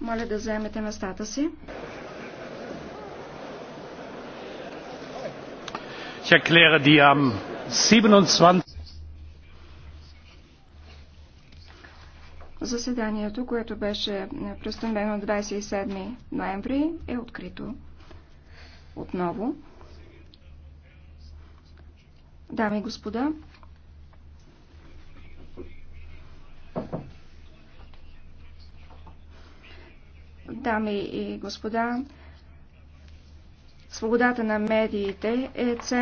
Моля да заемете местата си. Ich erkläre die am 27. Заседанието, което беше престановено 27 ноември, е открито отново. Дами и господа, дами и господа, свободата на медиите е цен